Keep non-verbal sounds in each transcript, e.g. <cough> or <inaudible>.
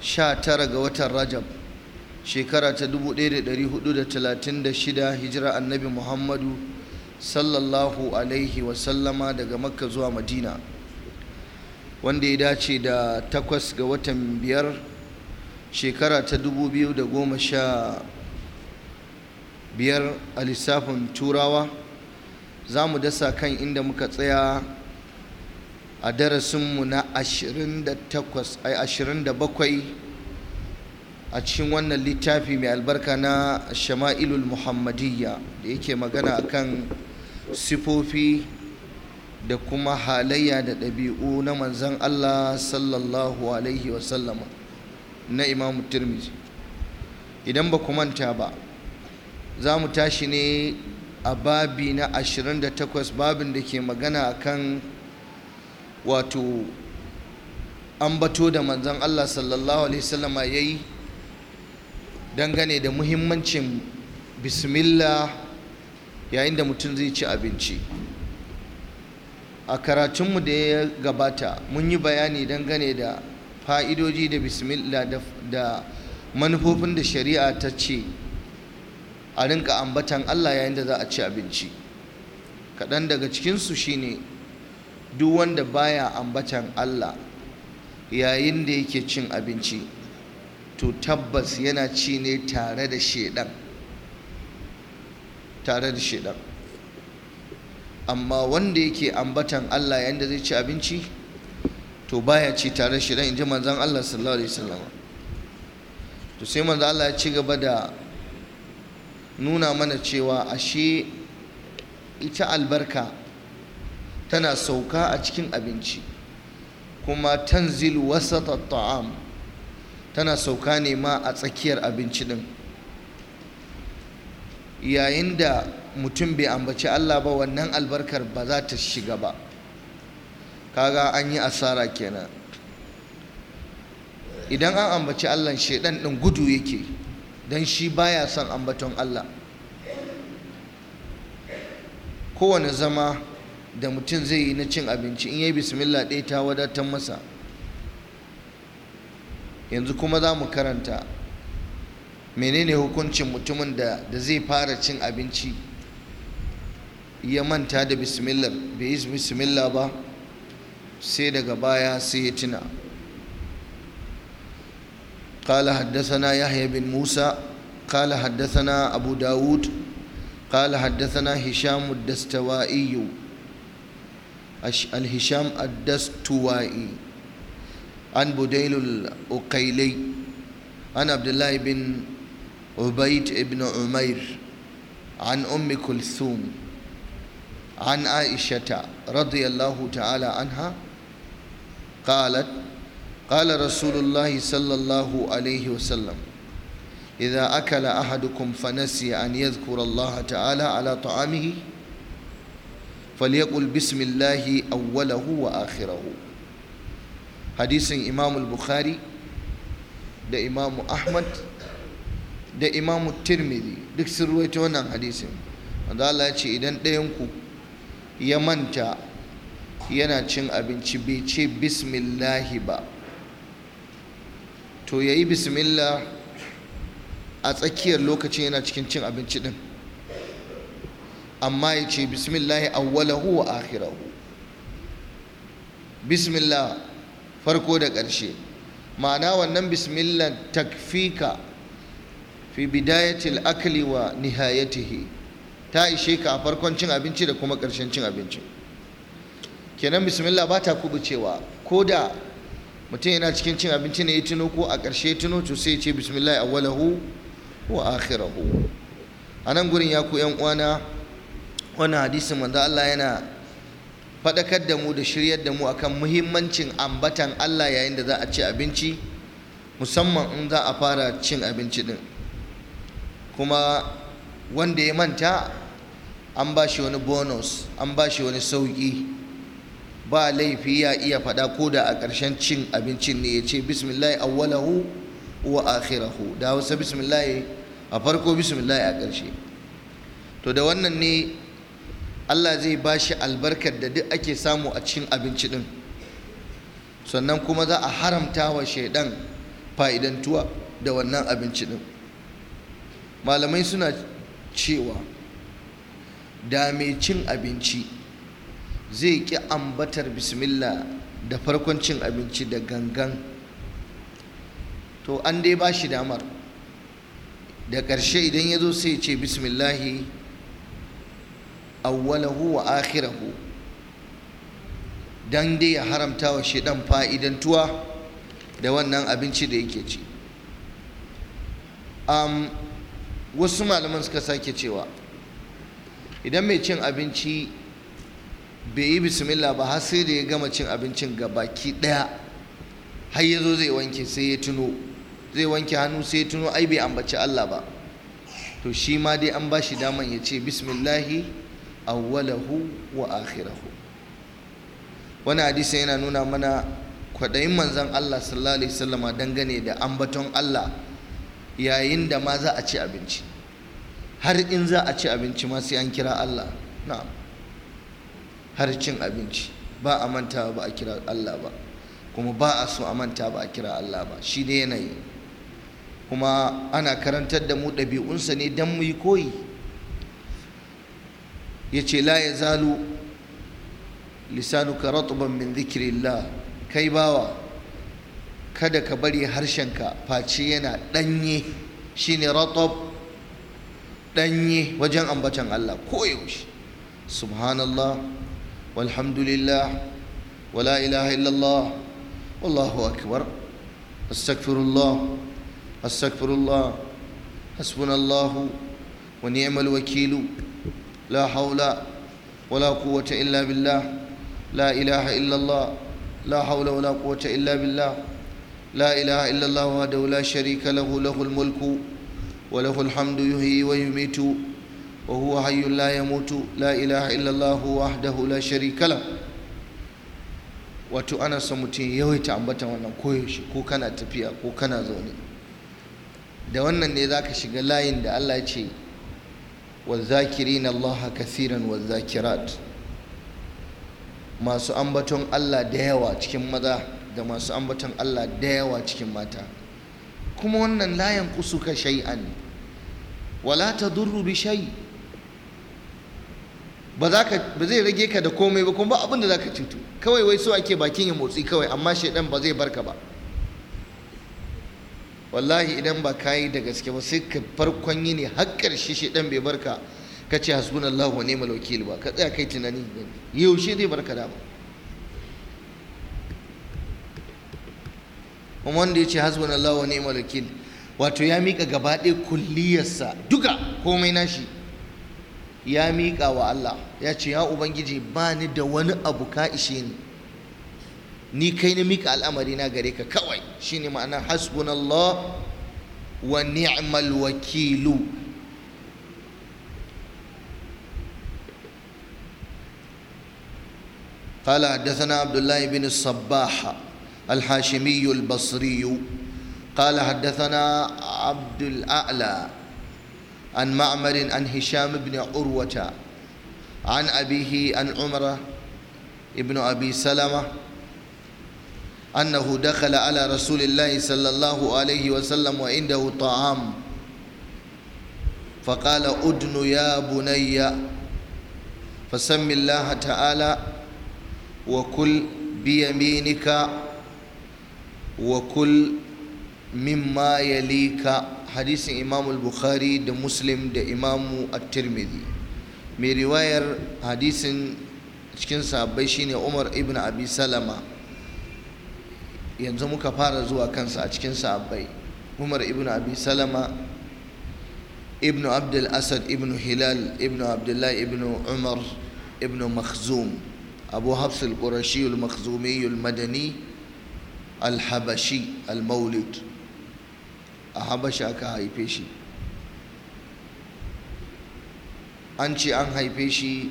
19 ga watan rajab shekara ta 1436 hijira annabi muhammadu sallallahu alaihi wasallama daga makka zuwa madina wanda ya dace da 8 ga watan biyar shekara ta 2015 a lissafin turawa za mu dasa kan inda muka tsaya a darasinmu na 27 a cikin wannan littafi mai albarka na shama'ilul muhammadiyya da yake magana akan sifofi da kuma halayya da ɗabi'u na manzan Allah sallallahu alaihi wasallama na imamu turmiji idan ba ku manta ba za mu tashi ne a babi na 28 babin da ke magana akan kan wato ambato da manzan Allah sallallahu alaihi wasallama yi dangane da muhimmancin bismillah yayin da mutum zai ci abinci a karatunmu da ya gabata mun yi bayani dangane da fa'idoji da bismillah da manufofin da shari'a ta ce a rinka ambatan Allah yayin da za a ci abinci kaɗan daga cikinsu shine duk wanda baya ambatan Allah yayin da yake cin abinci to tabbas yana ci ne tare da shedan tare da shedan amma wanda yake ambatan Allah yayin da zai ci abinci to baya ci tare da shedan inji manzon Allah sallallahu alaihi wasallam to sai manzon Allah ya ci gaba da nuna mana cewa ashe ita albarka tana sauka a cikin abinci kuma tanzil wasata ta'am tana sauka ne ma a tsakiyar abinci din yayin da mutum bai ambaci Allah ba wannan albarkar ba za ta shiga ba kaga an yi asara kenan idan an ambaci Allah shedan din gudu yake don shi baya son ambaton Allah kowane zama da mutum zai yi na cin abinci in yi bismillah ɗaya ta wadatar masa yanzu kuma za mu karanta menene hukuncin mutumin da zai fara cin abinci ya manta da bismillah bai yi bismillah ba sai daga baya sai ya tuna قال حدثنا يحيى بن موسى قال حدثنا أبو داود قال حدثنا هشام الدستوائي الهشام الدستوائي عن بديل الأقيلي عن عبد الله بن عبيد بن عمير عن أم كلثوم عن عائشة رضي الله تعالى عنها قالت قال رسول الله صلى الله عليه وسلم إذا أكل أحدكم فنسي أن يذكر الله تعالى على طعامه falyaqul bismillahi awwalahu wa akhirahu hadisin imam bukhari da imam ahmad da imam tirmidhi duk sun ta wannan hadisin manzo Allah ce idan ɗayan ku ya manta yana cin abinci bai ce bismillahi ba to yayi bismillah a tsakiyar lokacin yana cikin cin abinci ɗin. amma ya ce bismillah awwalahu wa akhirahu bismillah farko da ƙarshe ma'ana wannan bismillah takfika fi bidayatil akli wa nihayatihi ta ishe ka a farkon cin abinci da kuma ƙarshen cin abinci kenan bismillah ba ta kubucewa ko da mutum yana cikin cin abinci ne ya tuno ko a ƙarshe ya tuno to sai ya ce bismillah awwalahu wa akhirahu a nan gurin ya ku yan uwana Wani hadisin manzo Allah yana faɗakar da mu da shiryar da mu akan muhimmancin ambatan Allah yayin da za a ci abinci musamman in za a fara cin abinci din kuma wanda ya manta an ba shi wani bonus an ba shi wani sauƙi ba laifi ya iya faɗa ko da a ƙarshen cin abincin ne ya ce bismillahi awwalahu wa akhirahu da hausa bismillah a farko bismillah a ƙarshe to da wannan ne Allah zai ba shi albarkar da duk ake samu a cikin abinci ɗin sannan kuma za a haramta wa shaidan fa'idantuwa da wannan abinci ɗin malamai suna cewa da mai cin abinci zai ƙi ambatar bismillah da farkon cin abinci da gangan to an dai ba shi damar da ƙarshe idan ya zo sai ce bismillahi awwalahu wa akhirahu dan dai ya haramta wa shedan fa'idantuwa da wannan abinci da yake ci um, wasu malaman suka sake cewa idan mai cin abinci bai yi bismillah ba har sai da ya gama cin abincin ga baki daya har ya zo zai wanke sai ya tuno zai wanke hannu sai ya tuno ai bai ambaci Allah ba to shi ma dai an ba shi daman ya ce bismillahi awwalahu wa akhirahu wani hadisi yana nuna mana kwaɗayin manzan Allah sallallahu alaihi wasallama dangane da ambaton Allah yayin da ma za a ci abinci har in za a ci abinci ma sai an kira Allah na'am har cin abinci ba a manta ba a kira Allah ba kuma ba a so a manta ba a kira Allah ba shi ne yanayi kuma ana karantar da mu ɗabi'unsa ne don mu yi koyi Ya ce la ya yazalu lisanuka ratban min dhikrillah kai bawa kada ka bari harshenka face yana danye shine ratob danye wajen ambatan Allah koyaushe subhanallah walhamdulillah wala ilaha illallah wallahu akbar astaghfirullah astaghfirullah hasbunallahu wa ni'mal wakilu لا حول ولا قوة إلا بالله لا إله إلا الله لا حول ولا قوة إلا بالله لا إله إلا الله وحده لا شريك له له الملك وله الحمد يحيي ويميت وهو حي لا يموت لا إله إلا الله وحده لا شريك له wato ana son mutum yawaita ambata wannan koyaushe ko kana tafiya ko kana zaune da wannan ne za ka shiga layin da allah ce والذاكرين الله كثيرا والذاكرات masu ambaton Allah da yawa cikin maza da masu ambaton Allah da yawa cikin mata kuma wannan layan kusuka shay'an wala tadurru bi shay ba za ka ba zai rage ka da komai ba kuma ba abin da za ka cutu kawai wai so ake bakin ya motsi kawai amma shaidan ba zai barka ba wallahi idan ba ka yi da gaske ba sai ka farkon yi ne har ƙarshe shi ɗan bai barka ka ce Allah wa ni'mal wakil ba ka tsaya kai tunani yaushe zai barka da ba. kuma wanda ya ce Allah wa ni'mal wakil wato ya mika gaba ɗaya kulliyarsa duka komai nashi ya miƙa wa Allah ya ce ya ubangiji ba ni da wani abu ka ishe ni ni kai na mika al'amari na gare ka kawai shine ma'ana hasbunallah wa ni'mal wakilu قال حدثنا عبد الله بن الصباح الحاشمي البصري قال حدثنا عبد الأعلى عن معمر عن هشام بن عروة عن أبيه عن عمر بن أبي سلمة أنه دخل على رسول الله صلى الله عليه وسلم وعنده طعام فقال أدن يا بني فسم الله تعالى وكل بيمينك وكل مما يليك حديث إمام البخاري ده مسلم ده إمام الترمذي من رواية حديث cikin sahabbai shine Umar ibn Abi Salama yanzu muka fara zuwa kansa a cikin sahabbai umar ibn abi salama ibn abdul asad ibn hilal ibn abdullahi ibn umar ibn makhzum abu hafs al-qurashi al-makhzumi al-madani al-habashi al-maulid a habasha aka haife shi an ce an haife shi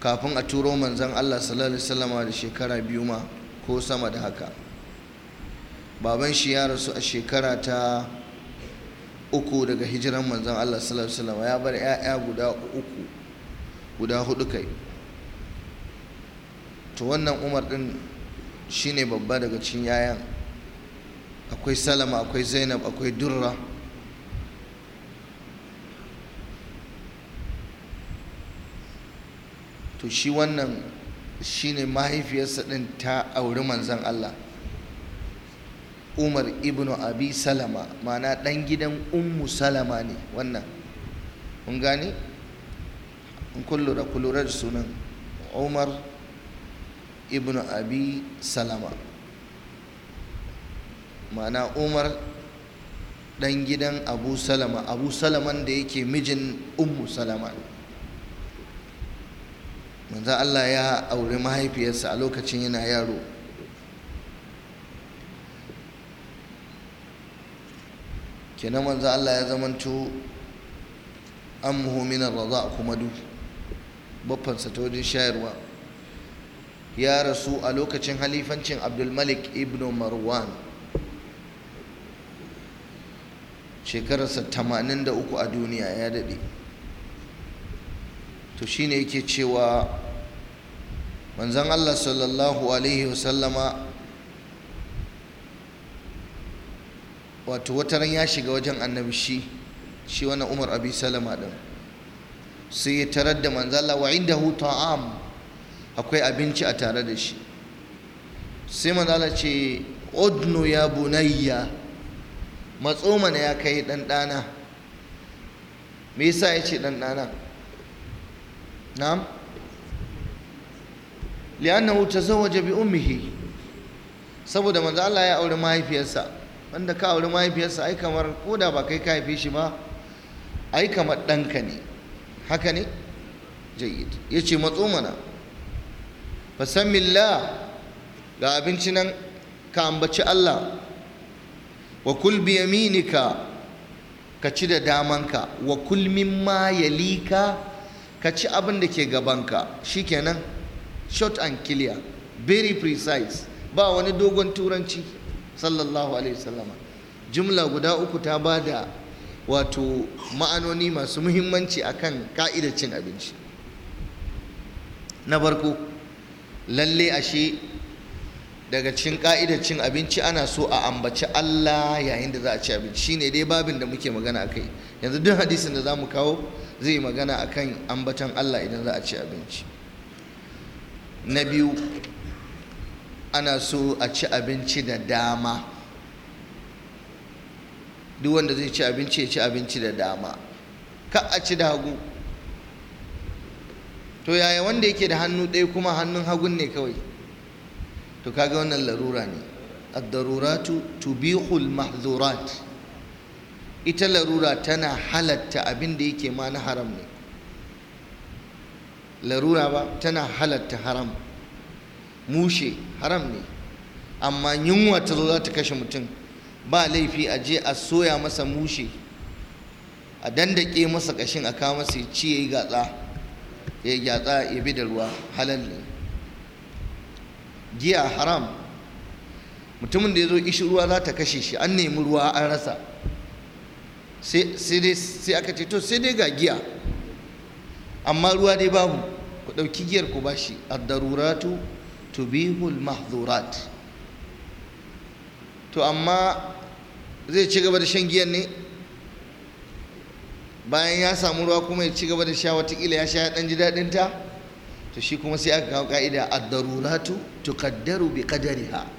kafin a turo manzon allah sallallahu alaihi wasallama da shekara biyu ma ko sama da haka baban shi ya rasu a shekara ta uku daga hijiran manzan Allah sallallahu alaihi ya bar 'ya'ya guda uku guda hudu kai to wannan Umar din shine babba daga cikin yayan akwai Salama akwai Zainab akwai Durra to shi wannan shine mahaifiyarsa din ta auri manzan Allah Umar ibn Abi Salama ma'ana dan gidan Ummu Salama ne wannan kun gane in kullura kullura da sunan Umar ibn Abi Salama ma'ana Umar dan gidan Abu Salama Abu Salaman da yake mijin Ummu Salama ne manzo Allah ya auri mahaifiyarsa a lokacin yana yaro kenan manzo Allah ya zamanto an min ar-raza kuma du baffansa ta wajen shayarwa ya rasu a lokacin halifancin abdulmalik Malik ibn Marwan shekararsa 83 a duniya ya dade to shine yake cewa manzon Allah sallallahu alaihi wasallama wato wataran ya shiga wajen annabi shi shi wani umar abi salama din sai ya tarar da Allah wa indahu ta'am akwai abinci a tare da shi sai Allah ce odnu ya bunayya matso mana ya kai dan dana me yasa ya ce dan dana نعم لأنه تزوج بأمه saboda manzo Allah ya auri mahaifiyarsa wanda ka auri mahaifiyarsa ai kamar koda ba kai ka haife shi ba ai kamar ɗanka ne haka ne jayyid yace matso mana fasammillah ga abinci nan ka ambaci Allah wa kul bi yaminika ka ci da damanka wa kul mimma yalika ka ci abin da ke gabanka shikenan short and clear very precise ba wani dogon turanci sallallahu alaihi wasallama jumla guda uku ta ba da wato ma'anoni masu muhimmanci akan ka'idar cin abinci na farko lalle ashe daga cin ka'idar cin abinci ana so a ambaci Allah yayin da za a ci abinci shine dai babin da muke magana kai. yanzu duk hadisin da za mu kawo zai magana akan ambatan Allah idan za a ci abinci na biyu ana so a ci abinci da dama duk wanda zai ci abinci ya ci abinci da dama ka a ci da hagu to yaya wanda yake da hannu ɗaya kuma hannun hagun ne kawai to kaga wannan larura ne ad-daruratu tubihul mahzurat ita larura tana halatta abin da yake ma na haram ne larura ba tana halatta haram mushe haram ne amma yunwa ta zo za ta kashe mutum ba laifi a je a soya masa mushe a dandake masa kashin a kawo masa ci ya yi gatsa ya yi gatsa ya bi da ruwa halal ne giya haram mutumin da ya zo ishi ruwa za ta kashe shi an nemi ruwa an rasa sai aka ce to sai dai ga giya amma ruwa dai babu ku ɗauki giyar ku bashi ad-daruratu tubihul mahzurat to amma zai ci gaba da shan giyar ne bayan ya samu ruwa kuma ya ci gaba da sha watakila ya sha ya ɗan ji daɗin ta to shi kuma sai aka kawo ka'ida ad-daruratu tuqaddaru bi qadariha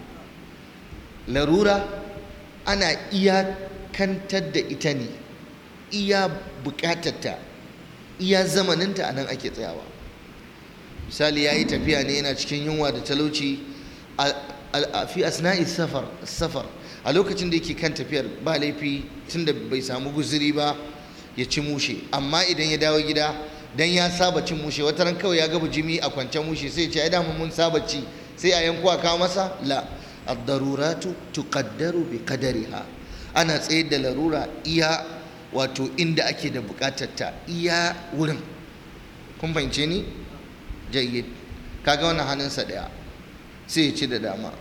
larura ana iya Kantar da ita ne iya bukatarta iya zamaninta a nan ake tsayawa misali ya yi tafiya ne yana cikin yunwa da talauci a fi asna'i safar a lokacin da yake kan tafiyar ba laifi da bai samu guzuri ba ya ci mushe amma idan ya dawo gida dan ya saba cin mushe wata ran kawai ya ga bujimi a kwance mushe sai ya ce ai dama mun saba ci sai a yanko a kawo masa la ad-daruratu tuqaddaru bi qadariha ana tsaye da larura iya wato inda ake da bukatar ta iya wurin kun fahimce ni jayyid kaga wannan hannunsa ɗaya sai ya ci da dama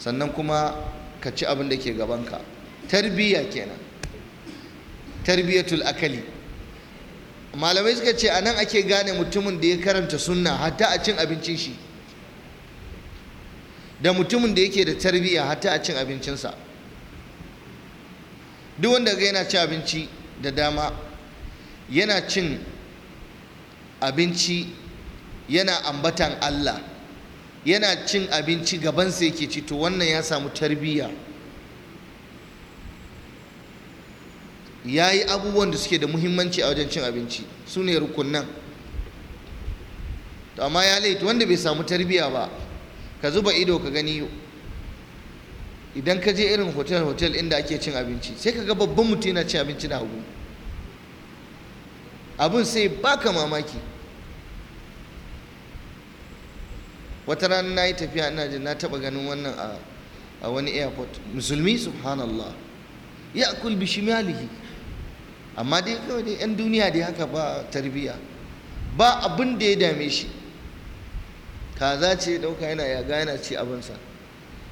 sannan kuma ka ci abin da ke gabanka tarbiyya kenan tarbiyatul akali malamai suka ce anan ake gane mutumin da ya karanta sunna hatta a cin abincin shi da mutumin da yake da tarbiyya hatta a cin abincinsa duk wanda ga yana ci abinci da dama yana cin abinci yana ambatan Allah yana cin abinci gabansa yake ci to wannan ya samu tarbiyya ya yi abubuwan da suke da muhimmanci a wajen cin abinci su ne rukunan to amma ya laita wanda bai samu tarbiyya ba ka zuba ido ka gani idan ka je irin hotel hotel inda ake cin abinci sai ka ga babban mutum yana cin abinci da hagu abin sai baka mamaki wata rana na yi tafiya ina jin na taba ganin wannan a wani airport musulmi subhanallah ya akul bishimalihi amma dai kawai dai yan duniya dai haka ba tarbiyya ba abin da ya dame shi kaza ce dauka yana yaga yana ci abinsa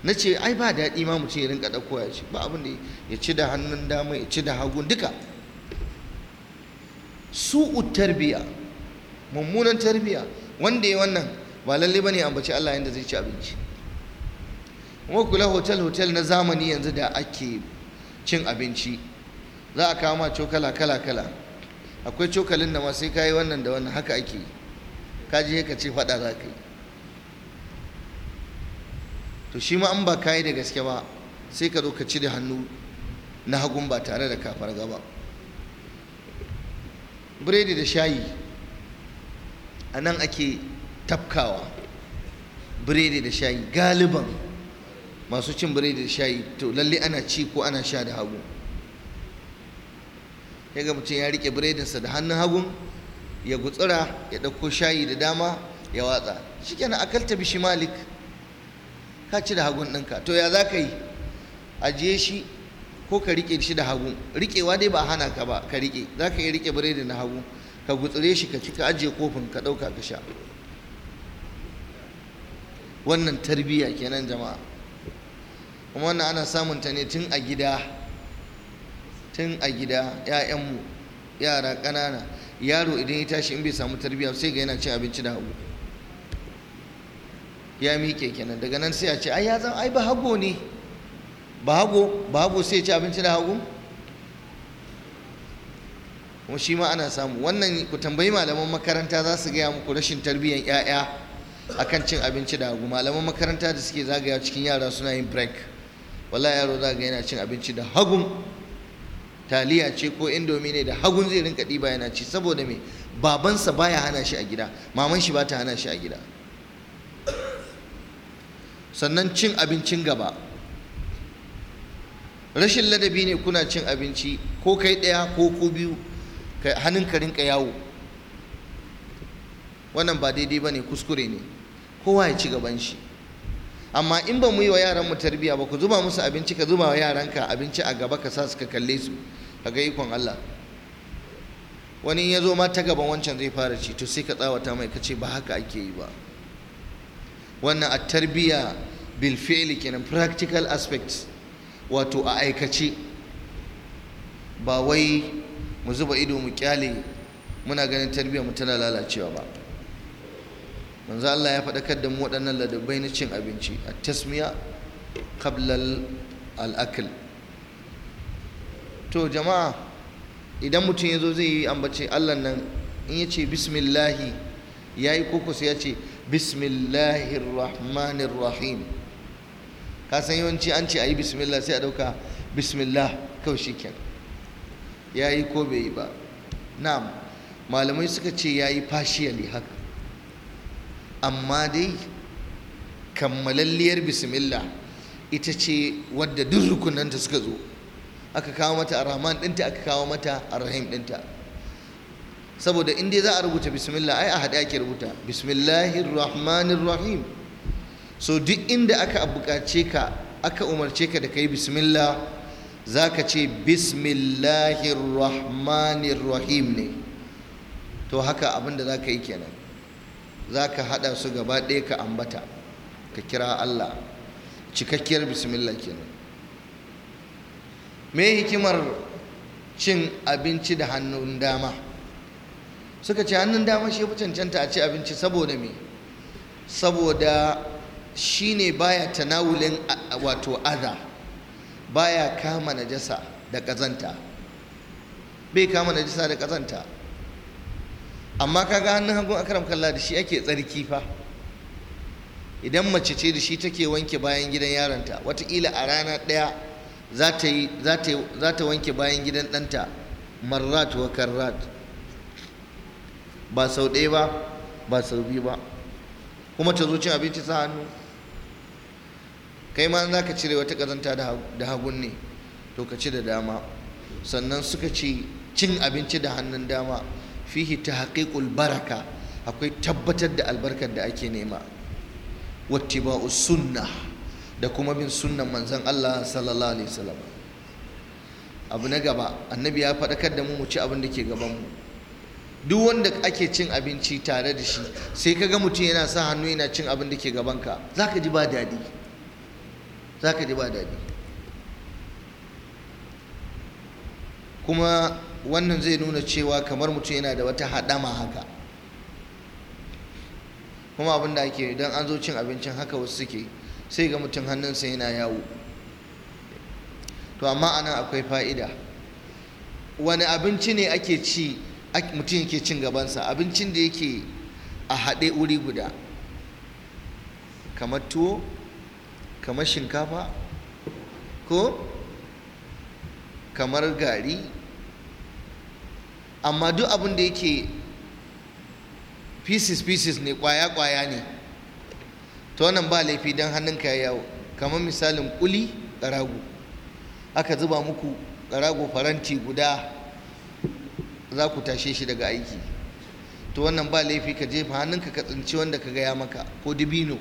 na ce ai ba daɗi ma mutum ya rinka ɗauko ya ce ba abin da ya ci da hannun dama ya ci da hagu duka su'u tarbiya mummunan tarbiya wanda ya wannan ba lalle ne ambaci Allah yadda zai ci abinci kuma kula hotel hotel na zamani yanzu da ake cin abinci za a kawo ma cokala kala kala akwai cokalin da ma sai kayi wannan da wannan haka ake yi ka je ka ce faɗa za ka yi to shi ma an ba kayi da gaske ba sai ka zo ka da hannu na hagun ba tare da kafar gaba biredi da shayi a nan ake tafkawa biredi da shayi galiban masu cin biredi da shayi to lalle ana ci ko ana sha da hagu ya ga mutum ya rike biredinsa da hannun hagun ya gutsura ya ɗauko shayi da dama ya watsa shi kenan akalta bishi malik ka ci da hagun ɗinka to ya za ka yi ajiye shi ko ka riƙe shi da hagu riƙewa dai ba a hana ka ba ka riƙe za ka iya riƙe biredi na hagu ka gutsure shi ka ci ka ajiye kofin ka ɗauka ka sha wannan tarbiyya kenan jama'a kuma wannan ana samun ta ne tun a gida tun a gida 'ya'yanmu yara ƙanana yaro idan ya tashi in bai samu tarbiyya sai ga yana cin abinci da hagu ya miƙe kenan daga nan sai a ce ai ya zan ai ba hago ne ba hago sai ci abinci da hagu kuma shi ma ana samu wannan ku tambayi malaman makaranta za su gaya muku rashin tarbiyyar 'ya'ya akan cin abinci da hagu malaman makaranta da suke zagaya cikin yara suna yin break wala yaro za ga yana cin abinci da hagun taliya ce ko indomi ne da hagun zai rinka ɗiba yana ci saboda me babansa baya hana shi a gida maman shi ba ta hana shi a gida sannan cin abincin gaba rashin ladabi ne kuna cin abinci ko kai ɗaya ko ku biyu hannun ka yawo wannan ba daidai ba ne kuskure ne kowa ya ci gaban shi amma in ba mu yi wa yaranmu tarbiya ba ku zuba musu abinci ka zuba wa yaranka abinci a gaba ka sa su kalle su ka ga ikon Allah wani ya zo ma ta gaban wancan zai fara ci to sai ka tsawata mai ka ce ba haka ake yi ba wannan a tarbiya bil fi'li kenan practical aspects wato a aikace ba wai mu zuba ido mu kyale muna ganin tarbiya mu tana lalacewa ba manzo Allah ya faɗakar da mu waɗannan ladabai na cin abinci a tasmiya qablal al-akl to jama'a idan mutum ya zo zai yi ambace Allah nan in yace ce bismillahi ya yi koko ya ce bismillahir rahmanir rahim ka san yawanci an ce a yi bismillah sai a ɗauka bismillah kawai shi ya yi ko bai yi ba na'am malamai suka ce ya yi fashiyali haka amma dai kammalalliyar bismillah ita ce wadda duk rukunanta suka zo aka kawo mata a rahman ɗinta aka kawo mata a rahim ɗinta saboda in dai za a rubuta bismillah ai a haɗe ake rubuta bismillahir rahmanir rahim so duk inda aka buƙace ka aka umarce ka da kai bismillah za ka ce bismillahir rahmanir rahim ne to haka abin da za ka yi kenan za ka haɗa su gaba ɗaya ka ambata ka kira allah cikakkiyar bismillah kenan me hikimar cin abinci da hannun dama suka ce hannun dama shi ya fi cancanta a ci abinci saboda me saboda shi ne baya tanawulin wato aza baya kama najasa da ƙazanta bai kama najasa da ƙazanta amma kaga hannun hagun akaram kalla da shi ake tsarki fa idan mace ce da shi take wanke bayan gidan yaronta watakila a rana ɗaya za ta wanke bayan gidan ɗanta marrat wa karrat ba sau ɗaya ba ba sau biyu ba kuma ta zo cin abinci sa hannu kai ma za ka cire wata ƙazanta da hagun ne to ka ci da dama sannan suka ce cin abinci da hannun dama fihi ta haƙiƙul baraka akwai tabbatar da albarkar da ake nema ba sunna da kuma bin sunnan manzon Allah sallallahu alaihi wasallam abu na gaba annabi ya faɗakar da mu mu ci abin da ke gaban mu duk wanda ake cin abinci tare da shi sai ka ga mutum yana sa hannu yana cin abin da ke gabanka za ka ji ba daɗi za ka ji ba daɗi kuma wannan zai nuna cewa kamar mutum yana da wata haɗama haka kuma abin da ake idan an zo cin abincin haka wasu suke sai ga mutum hannunsa yana yawo to amma anan akwai fa'ida wani abinci ne ake ci mutum yake cin gabansa abincin da yake a haɗe wuri guda kamar tuwo kamar shinkafa ko kamar gari amma duk abin da yake pieces pieces ne kwaya-kwaya ne ta wannan ba laifi don hannunka ya yawo kamar misalin kuli ƙarago aka zuba muku ƙarago faranti guda za ku tashe shi daga aiki to wannan ba laifi ka jefa hannunka ka tsinci wanda ka gaya maka ko dibino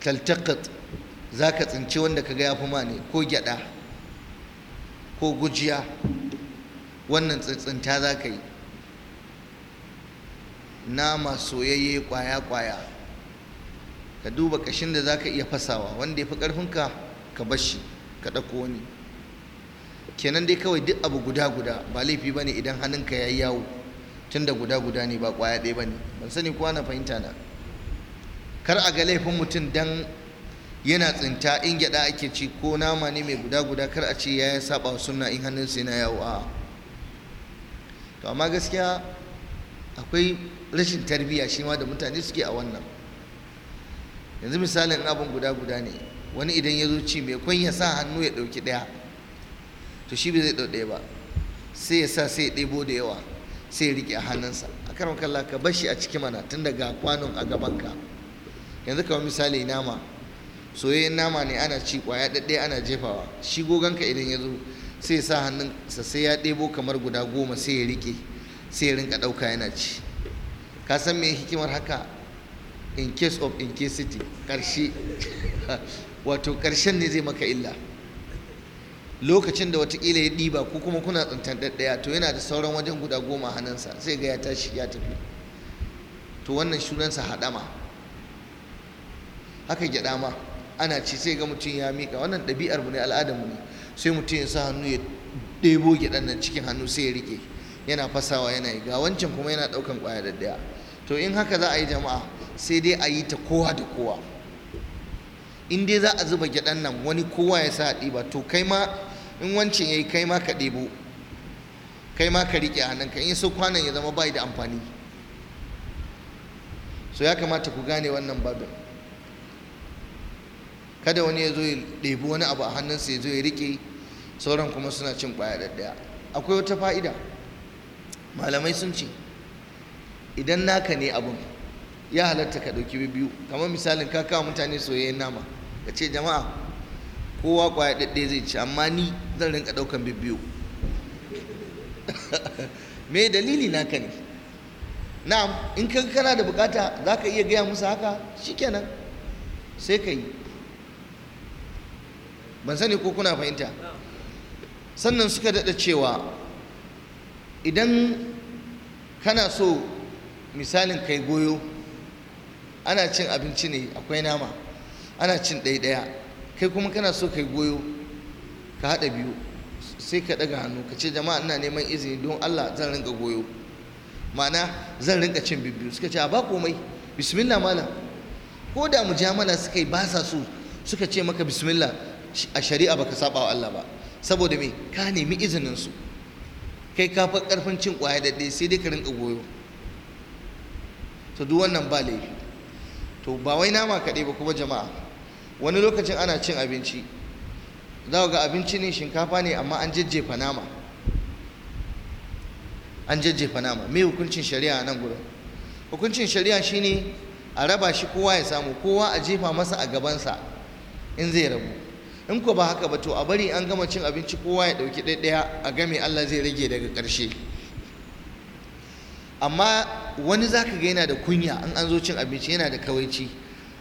taltakat za ka tsinci wanda ka gaya fuma ne ko gyada ko gujiya wannan tsintsinta za ka yi nama soyayye kwaya-kwaya ka duba kashin da za ka iya fasawa wanda ya fi ƙarfinka ka bar ka ɗauko wani kenan dai kawai duk abu guda guda ba laifi bane idan hannunka yayi yawo tunda guda guda ne ba kwaya ɗaya bane ban sani kowa na fahimta na kar a ga laifin mutum dan yana tsinta in gyaɗa ake ci ko nama ne mai guda guda kar a ce ya saba sunna in hannunsa na yawo a to amma gaskiya akwai rashin tarbiyya shi ma da mutane suke a wannan yanzu misalin abin guda guda ne wani idan ya zo ci mai kun ya sa hannu ya ɗauki ɗaya to shi bai zai ba sai ya sa sai ya ɗebo da yawa sai ya riƙe a hannunsa a karon kalla ka bar shi a cikin mana tun daga kwanon a gabanka yanzu kamar misali nama soyayyen nama ne ana ci kwaya ɗaɗɗe ana jefawa shi goganka idan ya zo sai ya sa hannunsa sai ya ɗebo kamar guda goma sai ya riƙe sai ya rinka ɗauka yana ci ka san me hikimar haka in case of in case city ƙarshe <laughs> wato ƙarshen ne zai maka illa lokacin da watakila ya ɗiba ko kuma kuna tsantar ɗaya to yana da sauran wajen guda goma hannunsa sai ga ya tashi ya tafi to wannan shunansa haɗama haka gyaɗa ma ana ci sai ga mutum ya miƙa wannan ɗabi'ar mu ne al'adar mu ne sai mutum ya sa hannu ya ɗebo gyaɗan nan cikin hannu sai ya riƙe yana fasawa yana yi ga wancan kuma yana ɗaukan ƙwaya da ɗaya to in haka za a yi jama'a sai dai a yi ta kowa da kowa in dai za a zuba gyaɗan nan wani kowa ya sa a ɗiba to kai ma in wancan yayi kai ma ka ɗebo kai ma ka riƙe ka in so kwanan ya zama bai da amfani so ya kamata ku gane wannan babin kada wani ya zo ya ɗebi wani abu a hannunsa ya zo ya riƙe sauran kuma suna cin ƙwaya ɗaya-ɗaya. akwai wata fa'ida malamai sun ce idan naka ne abin ya halatta ka ɗauki biyu kamar misalin ka kawo mutane soyayyen nama ka ce jama'a kowa kwaya daɗe zai ci amma ni zan rinka ɗaukan bibbiyu <laughs> me dalili naka ne na'am in kan kana da bukata za ka iya gaya musu haka shikenan sai ka yi ban sani ko kuna fahimta sannan suka daɗa cewa idan kana so misalin kai goyo ana cin abinci ne akwai nama ana cin ɗaya kai kuma kana so kai goyo ka haɗa biyu sai ka ɗaga hannu ka ce jama'a ina neman izini don Allah zan rinka goyo ma'ana zan rinka cin bibbiyu suka ce a ba komai bismillah malam ko da mujamala suka yi ba sa so suka ce maka bismillah a shari'a baka saba wa Allah ba saboda me ka nemi izinin su kai ka fa karfin cin kwaya da dai sai dai ka rinka goyo to duk wannan ba laifi to ba wai nama kaɗai ba kuma jama'a wani lokacin ana cin abinci za ga abinci ne shinkafa ne amma an jajjefa nama an jajjefa nama me hukuncin shari'a nan gurin hukuncin shari'a shine a raba shi kowa ya samu kowa a jefa masa a gabansa in zai rabu in ko ba haka ba to a bari an gama cin abinci kowa ya ɗauki ɗaya a game Allah zai rage daga ƙarshe amma wani za ka ga yana da kunya in an zo cin abinci yana da kawaici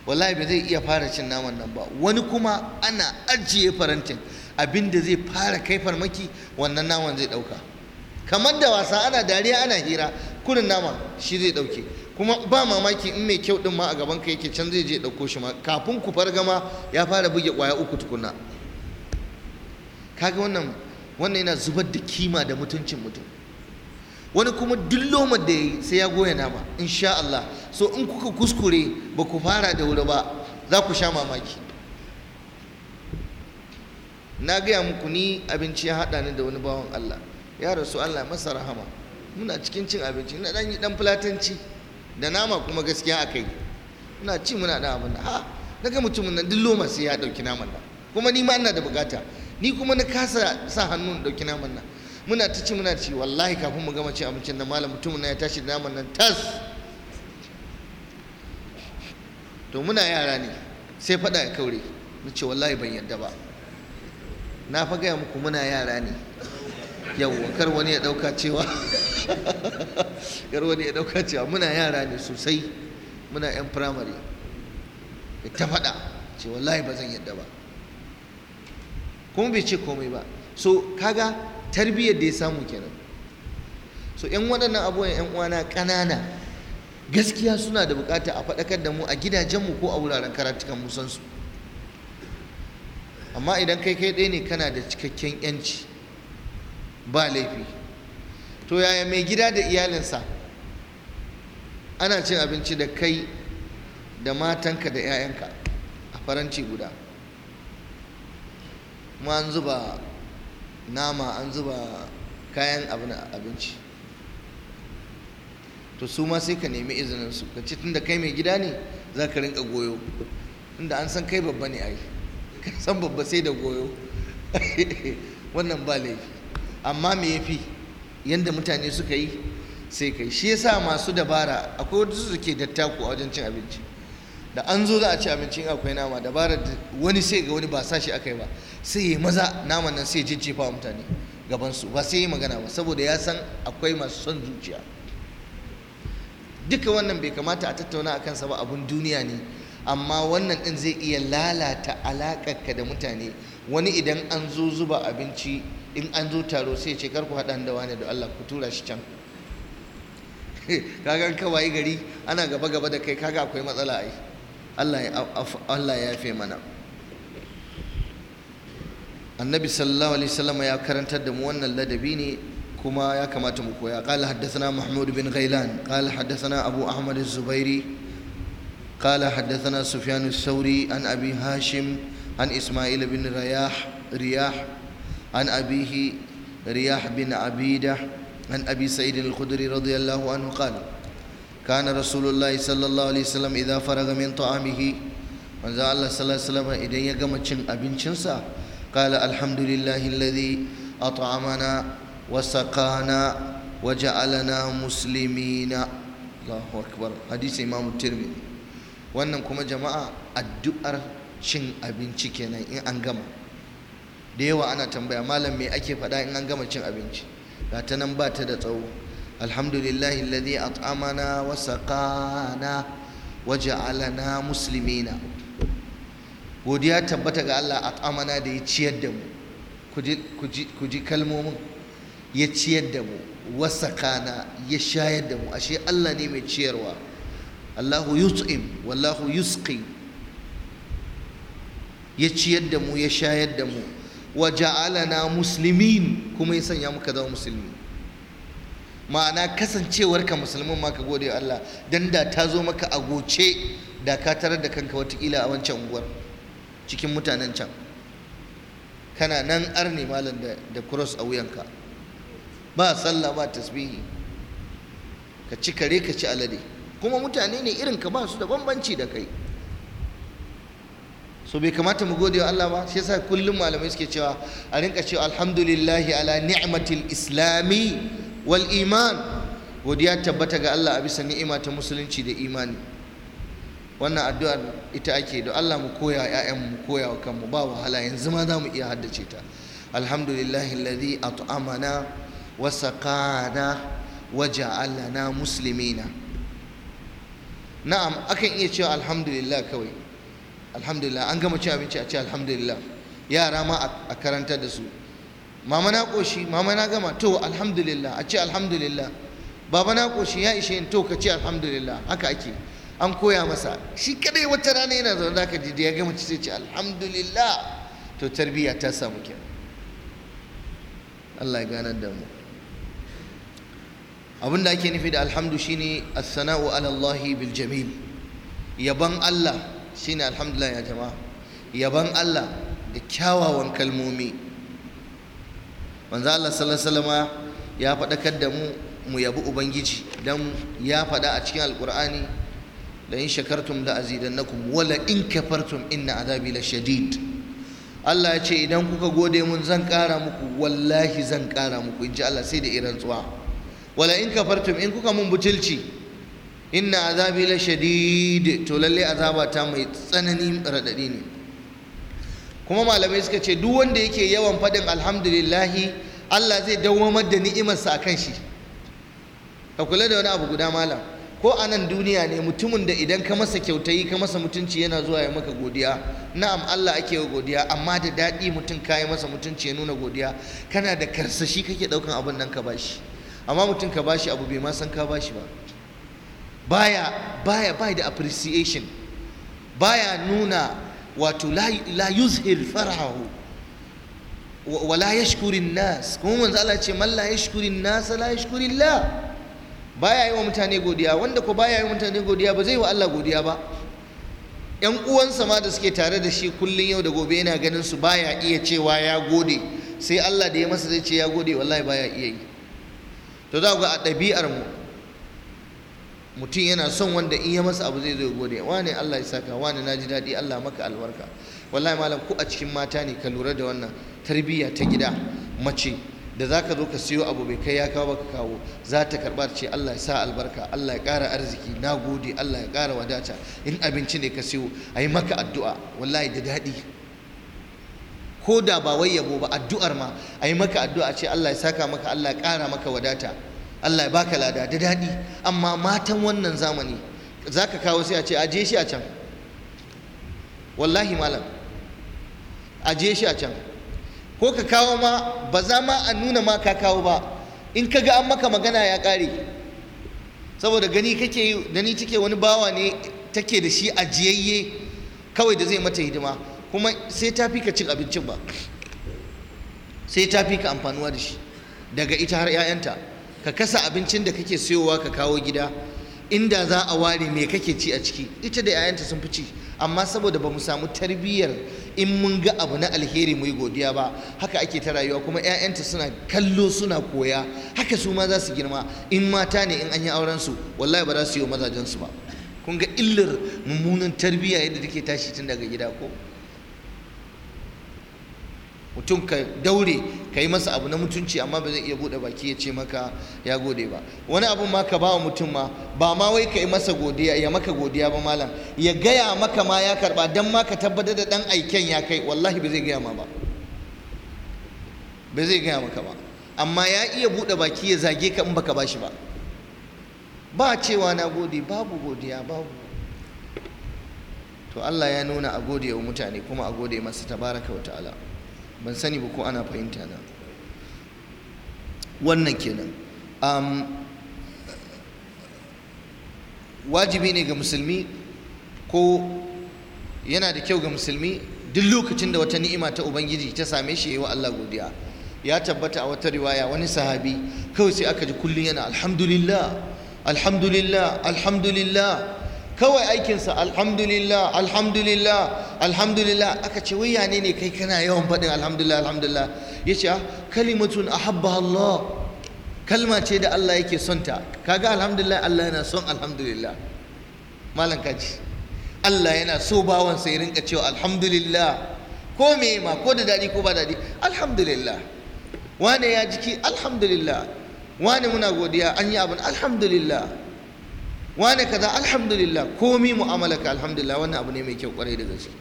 wallahi ba zai iya fara cin naman nan ba wani kuma ana ajiye farantin abinda zai fara kai farmaki wannan naman zai ɗauka kamar da wasa ana dariya ana hira kurin nama shi zai ɗauke kuma ba mamaki in mai kyau din ma a gaban ka yake can zai je ɗauko shi ma kafin ku fargama ya fara buge kwaya uku tukuna kaga wannan wannan yana zubar da kima da mutuncin mutum wani kuma duk lomar da yi sai ya goya nama insha Allah so in kuka kuskure ba ku fara da wuri ba za ku sha mamaki na gaya muku ni abinci ya haɗa ni da wani bawan Allah ya rasu Allah masa rahama muna cikin cin abinci na ɗan yi ɗan fulatanci da nama kuma gaskiya akai muna ci muna da abin ha na ga mutumin nan duk loma sai ya ɗauki naman nan kuma ni ma ina da bukata ni kuma na kasa sa hannun ɗauki naman nan muna ta ci muna ci wallahi kafin mu gama cin abincin nan malam mutumin na ya tashi da naman nan tas to muna yara ne sai faɗa ya kaure na ce wallahi ban yadda ba na fa gaya muku muna yara ne yawwa kar wani ya ɗauka cewa <laughs> kar wani ya ɗauka cewa muna yara ne sosai muna yan firamare ta faɗa ce wallahi ba zan yadda ba kuma bai ce komai ba so kaga tarbiyyar da ya samu kenan so yan waɗannan abubuwan yan uwana ƙanana gaskiya suna da bukata a faɗakar da mu a gidajenmu ko a wuraren karatukan musansu. amma idan kai kai ɗaya ne kana da cikakken yanci ba laifi to yaya mai gida da iyalinsa ana cin abinci da kai da matanka da 'ya'yanka a faranci guda ma'an zuba nama an zuba kayan abin abinci to su ma sai ka nemi izinin su ka ci da kai mai gida ne za ka rinka goyo inda an san kai babba ne ai ka san babba sai da goyo <laughs> wannan ba laifi amma me yafi yanda mutane suka yi sai kai shi yasa masu dabara akwai wasu suke dattako a wajen cin abinci da an zo za a ci abincin akwai nama dabarar wani sai ga wani ba sa shi aka yi ba sai ya maza naman nan sai ya wa mutane gabansu ba sai ya magana ba saboda ya san akwai masu son zuciya duka wannan bai kamata a tattauna a kansa ba abun duniya ne amma wannan ɗin zai iya lalata alaƙarka da mutane wani idan an zo zuba abinci in an zo taro sai ce kar ku haɗa da wani da Allah ku tura shi can <laughs> kaga an kawai gari ana gaba gaba da kai kaga akwai matsala ai Allah ya fi mana annabi sallallahu alaihi wasallam ya karantar da mu wannan ladabi ne kuma ya kamata mu koya qala haddathana mahmud bin ghailan qala haddathana abu ahmad az-zubairi qala haddathana sufyan ath-thawri an abi hashim an isma'il bin riyah riyah an abihi riyah bin abida an abi sa'id al-khudri radiyallahu anhu qala kana rasulullahi sallallahu alaihi wasallam idza idan ya gama cin abincinsa qala alhamdulillahi alladhi at'amana wa saqana wa ja'alana muslimina Allahu akbar hadisi Imam Tirmidhi wannan kuma jama'a addu'ar cin abinci kenan in an gama da yawa ana tambaya malam me ake faɗa in an gama cin abinci ga ta nan ba ta da tsawo الحمد لله الذي أطعمنا وسقانا وجعلنا مسلمين godiya tabbata ga Allah a amana da ya ciyar da mu ku ji kalmomin ya ciyar da mu wasakana ya shayar da mu ashe Allah ne mai ciyarwa Allahu yut'im wallahu yusqi ya ciyar da mu ya shayar da mu wa ja'alana muslimin kuma ya sanya muka zama musulmi ma'ana kasancewarka musulmin ma ka gode Allah dan da ta zo maka a goce da ka tarar da kanka watakila a wancan unguwar cikin mutanen can kana nan arne malam da da cross a wuyanka ba sallah ba tasbihi ka ci kare ka ci alade kuma mutane ne irin ka ba su da bambanci da kai so bai kamata mu gode wa Allah ba shi yasa kullum malamai suke cewa a rinka cewa alhamdulillahi ala ni'matil islami wal iman godiya tabbata ga Allah a bisa ni'ima ta musulunci da imani wannan addu'ar ita ake da Allah mu koya wa 'ya'yanmu, mu koya wa kanmu ba wahala yanzu ma za mu iya haddace ta alhamdulillahi alladhi at'amana wa saqana wa ja'alana muslimina na'am akan iya cewa alhamdulillah kawai alhamdulillah an gama cin abinci a ce alhamdulillah yara ma a karanta da su mama na ƙoshi mama na gama to alhamdulillah a ce alhamdulillah baba na ƙoshi ya ishe to ka ce alhamdulillah haka ake an koya masa shi kadai wata rana yana zaune da ka da ya gama ci sai ce alhamdulillah to tarbiyya ta samu kenan Allah ya ganar da mu abin da ake nufi da alhamdu shine as-sana'u ala Allah bil jamil yaban Allah shine alhamdulillah ya jama'a yaban Allah da kyawawan kalmomi manzo Allah sallallahu alaihi wasallama ya faɗakar da mu mu yabi ubangiji dan ya faɗa a cikin alqur'ani la in shakartum la azidannakum wala in kafartum inna azabi lashadid Allah ya ce idan kuka gode mun zan ƙara muku wallahi zan ƙara muku inji Allah sai da iran tsuwa wala in kafartum in kuka mun butulci inna azabi lashadid to lalle azaba ta mai tsanani radadi ne kuma malamai suka ce duk wanda yake yawan faɗin alhamdulillahi Allah zai dawwamar da ni'imarsa a kan shi ka kula da wani abu guda malam ko a nan duniya ne mutumin da idan ka masa kyautayi ka masa mutunci yana zuwa ya maka godiya na'am Allah ake yi godiya amma da daɗi mutum ka yi masa mutunci ya nuna godiya kana da karsashi kake ɗaukan abin nan ka bashi amma mutum ka bashi abu bai ma san ka bashi ba baya baya bai da appreciation baya nuna wato la yuzhir farahu wa la yashkurin nas kuma manzo Allah ce man la yashkurin nas la yashkurin la baya yi wa mutane godiya wanda ko baya yi wa mutane godiya ba zai wa Allah godiya ba yan uwansa ma da suke tare da shi kullun yau da gobe yana ganin su baya iya cewa ya gode sai Allah da ya masa zai ce ya gode wallahi baya iya yi to za ku ga a ɗabi'ar mu mutum yana son wanda in ya masa abu zai zo gode ne Allah ya saka ne na ji daɗi Allah maka albarka wallahi malam ku a cikin mata ne ka lura da wannan tarbiyya ta gida mace da za ka zo ka siyo abu bai kai ya kawo baka kawo za ta karɓa ce Allah ya sa albarka Allah ya ƙara arziki na gode Allah ya ƙara wadata in abinci ne ka siyo a yi maka addu'a wallahi da daɗi ko da ba wai yabo ba addu'ar ma a yi maka addu'a ce Allah ya saka maka Allah ya ƙara maka wadata Allah ya baka lada da daɗi amma matan wannan zamani za ka kawo sai a ce aje shi a can wallahi malam aje shi a can ko ka kawo ma ba za ma a nuna ma ka kawo ba in ka ga an maka magana ya kare. saboda gani kake gani take wani bawa ne take da shi ajiyayye kawai da zai mata hidima kuma sai ta fi ka cin abincin ba sai ta fi ka amfanuwa da shi daga ita har 'ya'yanta ka kasa abincin da kake siyowa ka kawo gida inda za a ware me kake ci a ciki ita da 'ya'yanta sun fi ci amma saboda ba mu samu tarbiyyar in mun ga abu na alheri mu yi godiya ba haka ake ta rayuwa kuma 'ya'yanta suna kallo suna koya haka su ma za su girma in mata ne in an yi auren su wallahi ba za su yi wa mazajensu ba kun ga illar mummunan tarbiyya yadda take tashi tun daga gida ko mutum ka daure ka yi masa abu na mutunci amma ba zai iya buɗe baki ya ce maka ya gode ba wani abun ma ka ba wa mutum ma ba ma wai ka yi masa godiya ya maka godiya ba malam ya gaya maka ma ya karba dan ma ka tabbatar da dan aiken ya kai wallahi ba zai gaya ma ba ba zai gaya maka ba amma ya iya buɗe baki ya zage ka in baka ba shi ba ba cewa na gode babu godiya babu to Allah ya nuna a gode wa mutane kuma a gode masa tabaraka wa ta'ala ban sani ba ko ana fahimta na wannan kenan wajibi ne ga musulmi ko yana da kyau ga musulmi duk lokacin da wata ni'ima ta ubangiji ta same shi yi wa Allah godiya ya tabbata a wata riwaya wani sahabi kawai sai aka ji kullum yana alhamdulillah alhamdulillah alhamdulillah kawai aikinsa alhamdulillah alhamdulillah alhamdulillah aka ce wai yane ne kai kana yawan faɗin alhamdulillah alhamdulillah ya ce kalimatun ahabba Allah kalma ce da Allah yake son ta kaga alhamdulillah Allah yana son alhamdulillah malam kaji Allah yana so bawansa ya rinka cewa alhamdulillah ko me ma ko da daɗi ko ba daɗi alhamdulillah wane ya jiki alhamdulillah wane muna godiya an yi abin alhamdulillah wane kaza alhamdulillah komi mu'amalaka alhamdulillah wannan abu ne mai kyau kwarai da gaske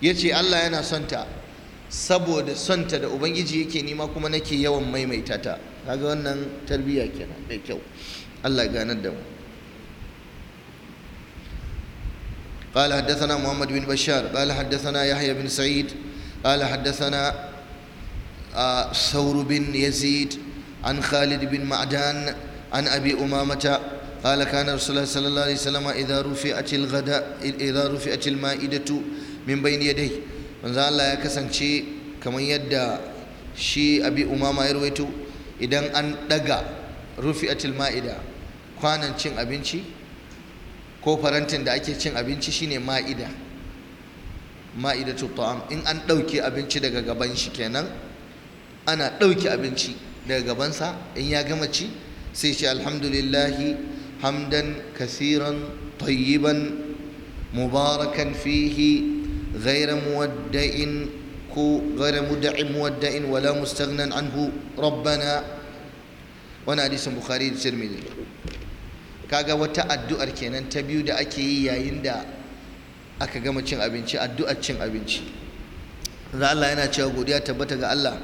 yace Allah yana son ta saboda son ta da ubangiji yake nima kuma nake yawan maimaita ta kaga wannan tarbiyya kenan mai kyau Allah ya ganar da mu قال حدثنا محمد بن بشار قال حدثنا يحيى بن سعيد قال حدثنا ثور بن يزيد عن خالد بن معدان عن أبي أمامة قال كان رسول الله صلى الله عليه وسلم إذا رفعت الغداء إذا رفعت المائدة من بين يديه manzo Allah ya kasance kamar yadda shi abi umama ya rawaito idan an daga rufi'atul ma'ida kwanan cin abinci ko farantin da ake cin abinci shine ma'ida ma'idatul ta'am in an dauke abinci daga gaban shi kenan ana dauke abinci daga gabansa in ya gama ci sai shi alhamdulillahi حمدا كثيرا طيبا مباركا فيه غير مودع غير مدع مودع ولا مستغنى عنه ربنا وانا حديث البخاري والترمذي kaga wata addu'ar kenan ta biyu da ake yi yayin da aka gama cin abinci addu'ar cin abinci da Allah yana cewa godiya tabbata ga Allah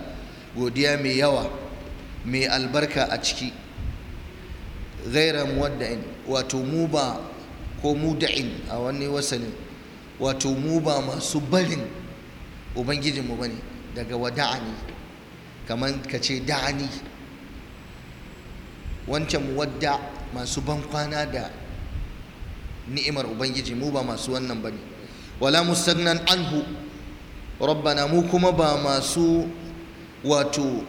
godiya mai yawa mai albarka a ciki ghaira muwadda'in wato mu ba ko muda'in a wani wasalin wato mu ba masu barin ubangijinmu ba ne daga wada'ani kamar ka ce da'ani wancan wadda masu ban kwana da ni'imar ubangiji mu ba masu wannan ba ne wala mustagnan anhu rabbana mu kuma ba masu wato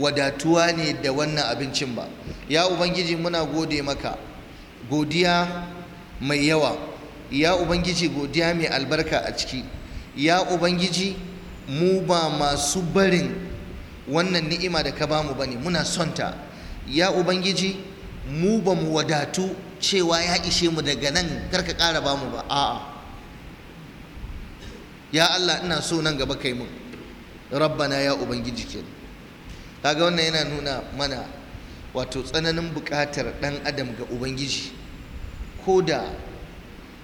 wadatuwa ne da wannan abincin ba ya ubangiji muna gode maka godiya mai yawa ya ubangiji godiya mai albarka a ciki ya ubangiji mu ba masu barin wannan ni'ima da ka bamu bane muna sonta ya ubangiji mu ba mu wadatu cewa ya ishe mu daga nan karka ƙara bamu ba a'a ya Allah ina so nan gaba kai mun rabbana ya ubangiji kenan kaga wannan yana nuna mana wato tsananin buƙatar ɗan adam ga ubangiji ko da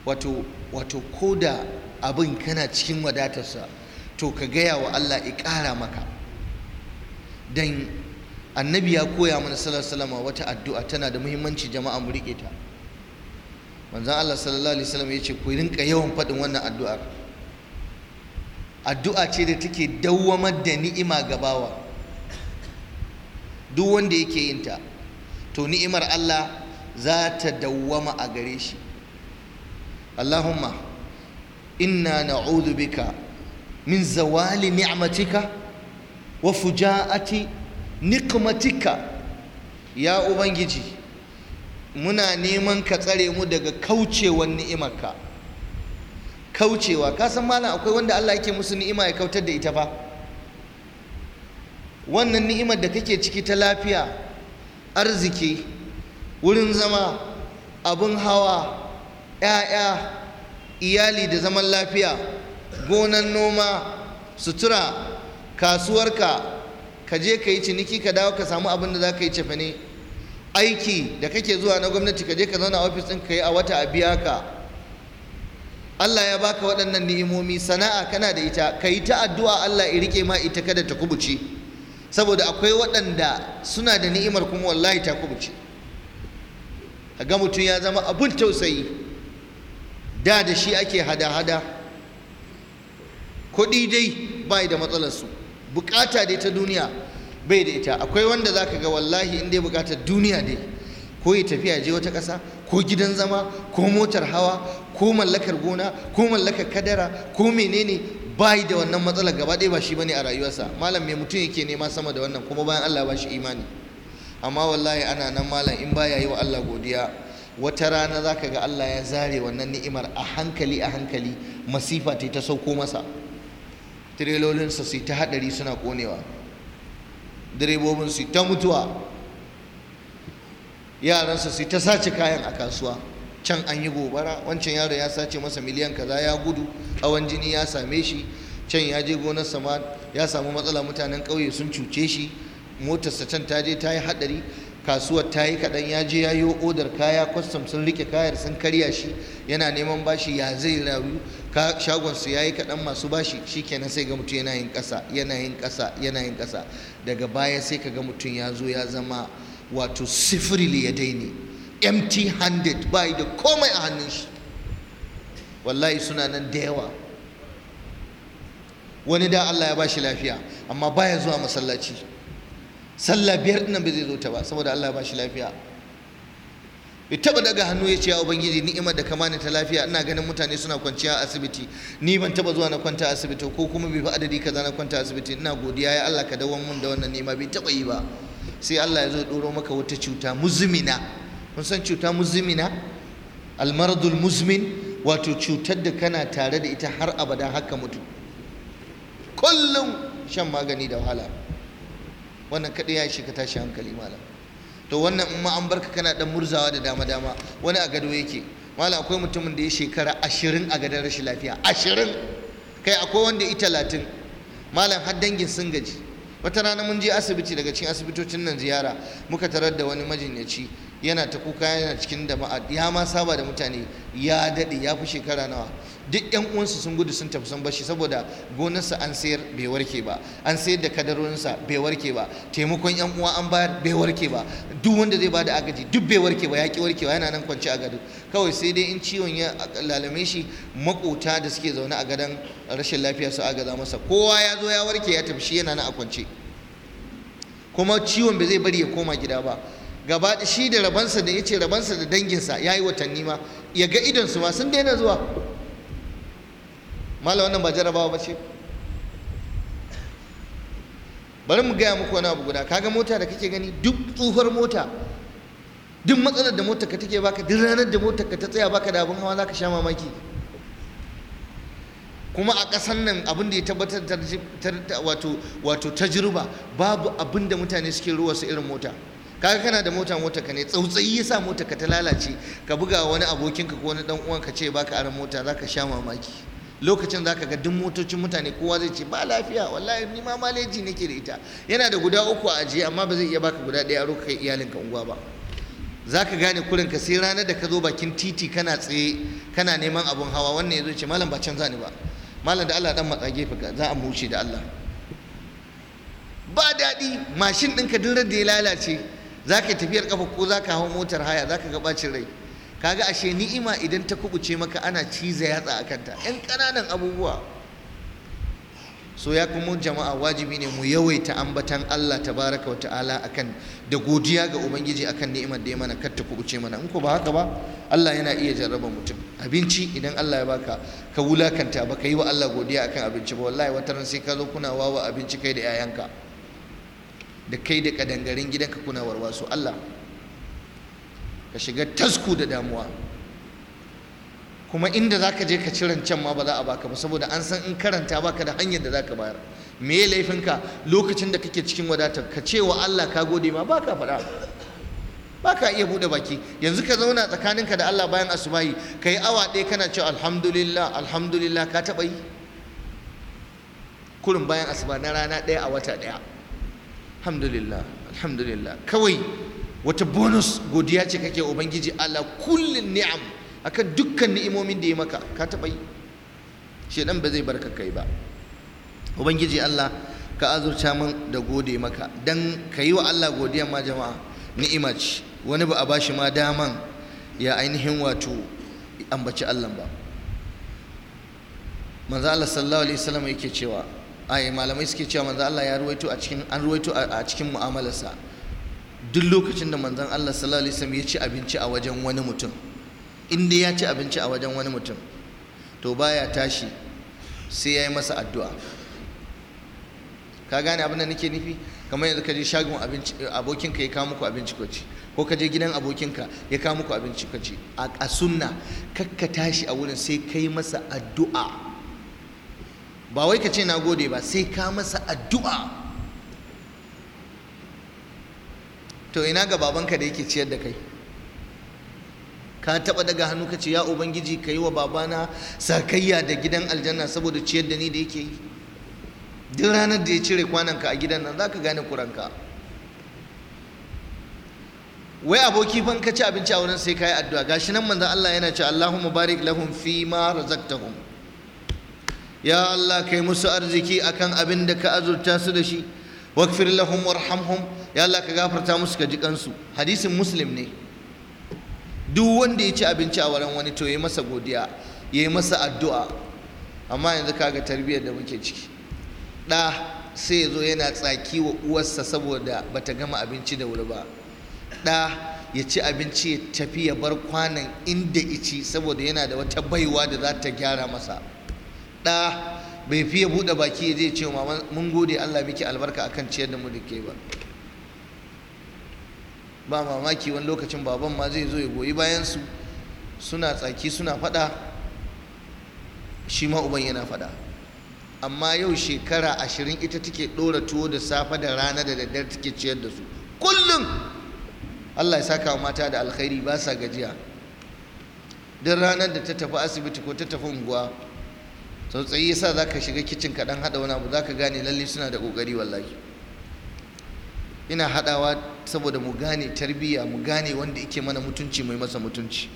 wato wato ko da abin kana cikin wadatarsa to ka gaya wa Allah ya ƙara maka dan annabi ya koya mana sallallahu wata addu'a tana da muhimmanci jama'a mu riƙe ta manzon Allah sallallahu alaihi wasallam yace ku rinka yawan faɗin wannan addu'ar addu'a ce da take dawwamar da ni'ima gabawa bawa duk wanda yake yin ta to ni'imar Allah za ta dawwama a gare shi Allahumma inna na'udhu bika min zawali ni'matika wa fujaati nikmatika ya ubangiji muna neman ka tsare mu daga kaucewar ni'imarka kaucewa kasan malam akwai wanda Allah yake musu ni'ima ya kautar da ita fa wannan ni'imar da kake ciki ta lafiya arziki wurin zama abin hawa 'ya'ya iyali da zaman lafiya gonan noma sutura kasuwarka ka je ka yi ciniki ka dawo ka samu abin da za ka yi ne aiki da kake zuwa na gwamnati ka je ka zauna ofis ɗin ka yi a wata a biya ka Allah ya baka waɗannan ni'imomi sana'a kana da ita ka yi ta addu'a Allah ya rike ma ita kada ta kubuce saboda akwai waɗanda suna da ni'imar kuma wallahi ta kubuce ga mutum ya zama abin tausayi da da shi ake hada-hada kuɗi dai ba da su bukata dai ta duniya bai da ita akwai wanda za ka ga wallahi in dai bukatar duniya dai ko ya tafiya je wata ƙasa ko gidan zama ko motar hawa ko mallakar gona ko mallakar kadara ko menene bai da wannan matsalar gaba ɗaya ba shi bane a rayuwarsa malam mai mutum yake nema sama da wannan kuma bayan Allah ba shi imani amma wallahi ana nan malam in baya yi wa Allah godiya wata rana zaka ga Allah ya zare wannan ni'imar a hankali a hankali masifa ta ta sauko masa tirelolinsa su ta hadari suna konewa direbobin su ta mutuwa yaransa su ta sace kayan a kasuwa can an yi gobara wancan yaro ya sace masa miliyan kaza ya gudu hawan jini ya same shi can ya je gonar sama ya samu matsala mutanen ƙauye sun cuce shi motarsa can ta je ta yi haɗari kasuwar ta yi kaɗan ya je ya yi odar kaya kwastam sun rike kayar sun karya shi yana neman bashi ya zai rayu shagonsu ya yi kaɗan masu bashi shikenan sai ga mutum yana yin ƙasa yana yin ƙasa yana yin ƙasa daga baya sai ka ga mutum ya zo ya zama wato sifirili ya daine empty handed bai da komai a hannun shi wallahi suna nan da yawa wani da Allah ya ba shi lafiya amma baya zuwa masallaci sallah biyar nan ba zai zo ta ba saboda Allah ya ba shi lafiya bai taba daga hannu ya ce ya ubangiji ni'imar da kamani ta lafiya ina ganin mutane suna kwanciya a asibiti ni ban taba zuwa na kwanta asibiti ko kuma bai fi adadi kaza na kwanta asibiti ina godiya ya Allah ka dawo mun da wannan ni'ima bai taba yi ba sai Allah ya zo doro maka wata cuta muzmina kun san cuta muzmina almaradul muzmin wato cutar da kana tare da ita har abada haka mutu kullum shan magani da wahala wannan kaɗai ya shi ka tashi hankali malam to wannan in ma an barka kana ɗan murzawa da dama dama wani a gado yake malam akwai mutumin da ya shekara ashirin a gadon rashin lafiya ashirin kai akwai wanda yi talatin malam har dangin sun gaji wata rana mun je asibiti daga cikin asibitocin nan ziyara muka tarar da wani majinyaci yana ta kuka yana cikin ma'a ya ma saba da mutane ya daɗe ya fi shekara nawa duk yan uwansu sun gudu sun tafi sun bashi saboda gonarsa an sayar bai warke ba an sayar da kadarorinsa bai warke ba taimakon yan uwa an bayar bai warke ba duk wanda zai bada agaji duk bai warke ba ya ki warkewa yana nan kwance a gado kawai sai dai in ciwon ya lalame shi makota da suke zaune a gadon rashin lafiya su agaza masa kowa ya zo ya warke ya tafi shi yana nan a kwance kuma ciwon bai zai bari ya koma gida ba gaba shi da rabansa da ya ce rabansa da danginsa ya yi watanni ma ya ga idonsu ma sun daina zuwa mala wannan ba jarabawa ba ce bari mu gaya muku wani abu guda kaga mota da kake gani duk tsohuwar mota duk matsalar da motar ka take baka duk ranar da motar ka ta tsaya baka da abin hawa zaka sha mamaki kuma a ƙasar nan abin da ya tabbatar wato wato tajriba babu abin da mutane suke ruwa su irin mota kaga kana da mota mota ka ne tsautsayi yasa mota ka ta lalace ka buga wani abokinka ko wani dan uwan ka ce baka aran mota zaka sha mamaki lokacin zaka ga duk motocin mutane kowa zai ce ba lafiya wallahi ni ma maleji nake da ita yana da guda uku a ajiye amma ba zai iya baka guda ɗaya a roka iyalin ka unguwa ba za ka gane kurin ka sai ranar da ka zo bakin titi kana tsaye kana neman abun hawa wannan ya ce malam ba canza ni ba malam da Allah dan matsa gefe ka za a mushe da Allah ba daɗi mashin ɗinka duk da ya lalace za ka yi tafiyar kafa ko za ka hau motar haya za ka ga bacin rai kaga ashe ni'ima idan ta kubuce maka ana ciza yatsa a kanta yan ƙananan abubuwa so ya kuma jama'a wajibi ne mu yawaita ambatan Allah tabaraka wa ta'ala akan da godiya ga ubangiji akan ni'imar da ya mana kar ta kubuce mana in ko ba haka ba Allah yana iya jarraba mutum abinci idan Allah ya baka ka wulakanta baka yi wa Allah godiya akan abinci ba wallahi wata ran sai ka zo kuna wawa abinci kai da 'ya'yanka da kai da kadangarin gidanka kuna warwaso Allah ka shiga tasku da damuwa kuma inda za ka je ka ciran can ma ba za a baka ba saboda an san in karanta baka da hanyar da za ka bayar me ya ka lokacin da kake cikin wadatar ka ce wa Allah ka gode ma baka faɗa baka iya buɗe baki yanzu ka zauna tsakaninka da Allah bayan asubahi ka awa ɗaya kana cewa alhamdulillah alhamdulillah ka taɓa yi kurin bayan asuba na rana ɗaya a wata ɗaya alhamdulillah alhamdulillah kawai wata bonus godiya ce kake ubangiji ala kullin ni'am akan dukkan ni'imomin da ya maka ka taɓa yi shedan ba zai barka kai ba ubangiji Allah ka azurta min da gode maka dan ka yi wa Allah godiya ma jama'a ni'ima ce wani ba a bashi ma daman ya ainihin wato ambaci Allah ba manzo Allah sallallahu alaihi wasallam yake cewa ai malamai suke cewa manzon Allah ya ruwaito a cikin an ruwaito a cikin mu'amalarsa duk lokacin da manzon Allah sallallahu alaihi wasallam ya ci abinci a wajen wani mutum inda ya ci abinci a wajen wani mutum to baya tashi sai ya yi masa addu'a ka gane abin da nake nufi kamar yanzu ka je shagon abinci abokinka ya kawo muku abinci ko ci ko ka je gidan abokinka ya kawo muku abinci ko ci a sunna kakka tashi a wurin sai kai masa addu'a ba wai ka ce na gode ba sai ka masa addu'a to ina ga babanka da yake ciyar da kai ka taɓa daga hannu ka ce ya ubangiji ka yi wa babana sakayya da gidan aljanna saboda ciyar da ni da yake yi duk ranar da ya cire kwananka a gidan nan za ka gane kuranka wai aboki fan ka ci abinci a wurin sai ka yi addu'a gashi nan manzan Allah yana ce Allahumma barik lahum fi ma razaqtahum ya Allah kai musu arziki akan abin da ka azurta su da shi wakfir lahum warhamhum ya Allah ka gafarta musu ka ji kansu hadisin muslim ne duk wanda ya ci abinci a wurin wani to ya masa godiya ya yi masa addu'a amma yanzu kaga tarbiyyar da muke ciki ɗa sai yazo yana tsaki wa uwarsa saboda bata gama abinci da wuri ba ɗa ya ci abinci ya tafi ya bar kwanan inda ici saboda yana da wata baiwa da za ta gyara masa ɗa bai fiye buɗe baki ya zai ce mama mun gode Allah miki albarka akan ciyar da mu da ke ba ba mamaki wani lokacin baban ma zai zo ya goyi bayan su suna tsaki suna faɗa shi ma uban yana faɗa amma yau shekara ashirin ita take ɗora tuwo da safe da rana da daddare take ciyar da su kullum Allah ya saka wa mata da alkhairi ba sa gajiya duk ranar da ta tafi asibiti ko ta tafi unguwa tsaye yasa za ka shiga kicin ka dan haɗa wani abu za ka gane lalle suna da ƙoƙari wallahi ina haɗawa saboda mu gane tarbiyya mu gane wanda yake mana mutunci mai masa mutunci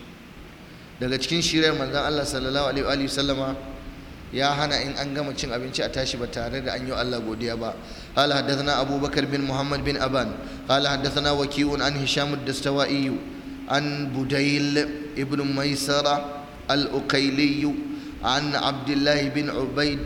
daga cikin shirar manzon Allah sallallahu alaihi wa sallama ya hana in an gama cin abinci a tashi ba tare da an yi Allah godiya ba qala haddathana abubakar bin muhammad bin aban qala haddathana waki'un an hisham ad-dastawa'i an budayl ibn maisara al-uqayli عن عبد الله بن عبيد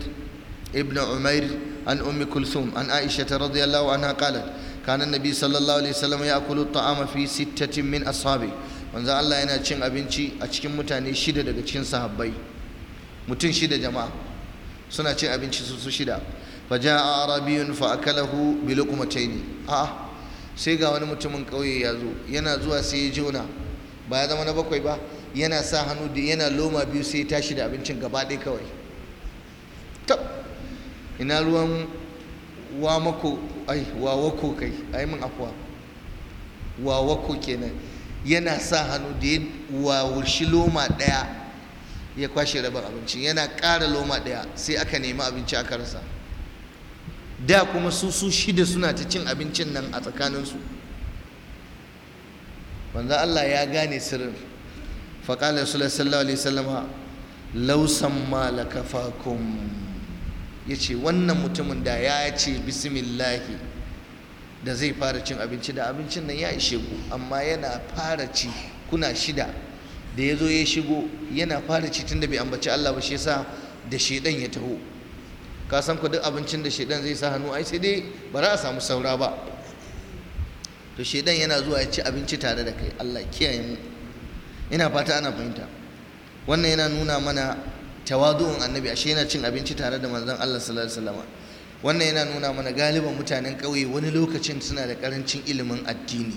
ابن عمير عن أم كلثوم عن عائشة رضي الله عنها قالت كان النبي صلى الله عليه وسلم يأكل الطعام في ستة من أصحابه manzo Allah yana cin abinci a cikin mutane shida daga cikin sahabbai mutum shida jama'a suna cin abinci su su shida fa ja'a arabiyun fa akalahu bi luqmatayn a sai ga wani mutumin kauye ya zo yana zuwa sai ya jona ba ya zama na bakwai ba yana sa hannu da yana loma biyu sai ya tashi da abincin gaba ɗaya kawai tab ina ruwan mako ai wawako kai ai min afuwa wako kenan yana sa hannu da ya wawurshi loma ɗaya ya kwashe rabin abincin yana ƙara loma ɗaya sai aka nemi abinci aka rasa da kuma su su shida suna ta cin abincin nan a tsakaninsu wanda Allah ya gane sirrin faƙalar rasulullah sallallahu alaihi wasallama lausan malakafakum ya ce wannan mutumin da ya ce bismillahi da zai fara cin abinci da abincin nan ya ishe ku amma yana fara ci kuna shida da ya zo ya shigo yana fara ci tun da bai ambaci Allah ba shi yasa da shedan ya taho ka san ku duk abincin da shedan zai sa hannu ai sai dai ba za a samu saura ba to shedan yana zuwa ya ci abinci tare da kai Allah kiyaye mu ina fata ana fahimta wannan yana nuna mana tawadu'un annabi ashe yana cin abinci tare da manzon Allah sallallahu alaihi wasallam wannan yana nuna mana galiban mutanen ƙauye wani lokacin suna da karancin ilimin addini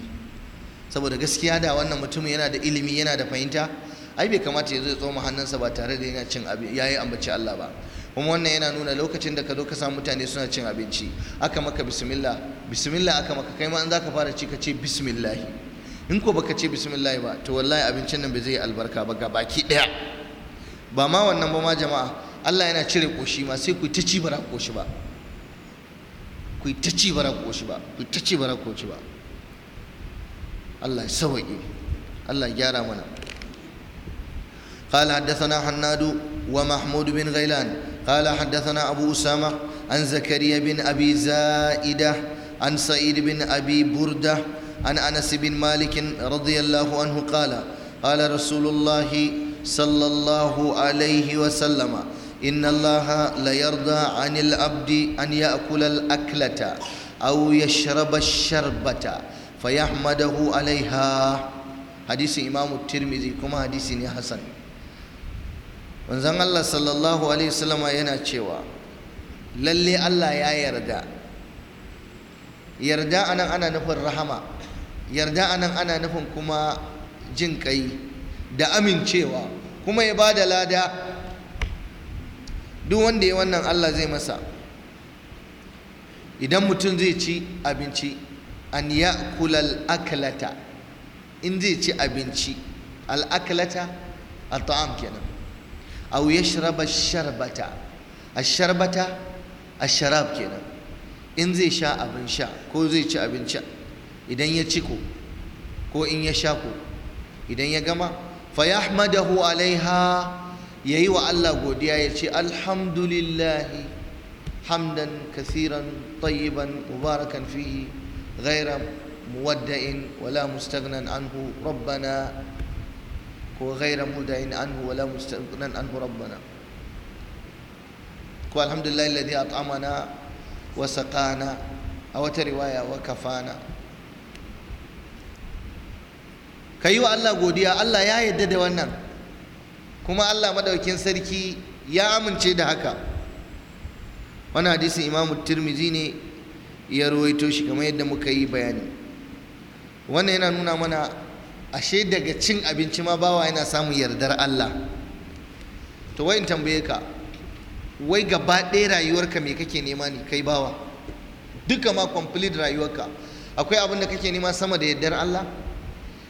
saboda gaskiya da wannan mutumin yana da ilimi yana da fahimta ai bai kamata ya zo ya tsoma hannunsa ba tare da yana cin abinci yayi ambaci Allah ba kuma wannan yana nuna lokacin da ka zo ka samu mutane suna cin abinci aka maka bismillah bismillah aka maka kai ma in zaka fara ci ka ce bismillah in ko baka ce bismillah ba to wallahi abincin nan bai zai albarka ba baki daya ba ma wannan ba ma jama'a Allah yana cire koshi ma sai ku ta ci bara koshi ba ku ta ci bara koshi ba ku ta ci bara koshi ba Allah ya sauke Allah ya gyara mana قال حدثنا حناد ومحمود بن غيلان قال حدثنا أبو أسامة عن زكريا بن أبي زائدة عن سعيد بن أبي بردة عن انس بن مالك رضي الله عنه قال قال رسول الله صلى الله عليه وسلم ان الله ليرضى عن العبد ان ياكل الاكله او يشرب الشربه فيحمده عليها حديث امام الترمذي كما حديث حسن manzon Allah sallallahu alaihi wasallam yana cewa lalle Allah ya yarda yarda anan ana nufin rahama yarda anan ana nufin kuma jin kai da amincewa kuma ya ba da lada duk wanda ya wannan Allah zai masa idan mutum zai ci abinci an ya kulal akalata in zai ci abinci al'akalata a ta'am kenan a ya sharaba sharbata a sharbata a sharab kenan in zai sha abin sha ko zai ci abin idan ya ciko ko in ya shako idan ya gama fa yahmadahu alaiha yi wa Allah godiya ya ce alhamdulillahi hamdan kasiran tayyiban mubarakan fihi ghaira muwadda'in wala mustaghnan anhu rabbana ko ghaira anhu wala anhu rabbana ko alhamdulillahi alladhi at'amana wa saqana a wata riwaya wa kafana ka yi wa Allah godiya Allah ya yarda da wannan kuma Allah madaukin sarki ya amince da haka wani hadisin imamu tirmizi ne ya ruwaito shi kamar yadda muka yi bayani wannan yana nuna mana ashe daga cin abinci ma bawa yana samun yardar Allah to wayin tambaye ka wai gaba ɗaya rayuwarka me kake nema ne kai bawa duka ma complete rayuwarka akwai abin da kake nema sama da yardar Allah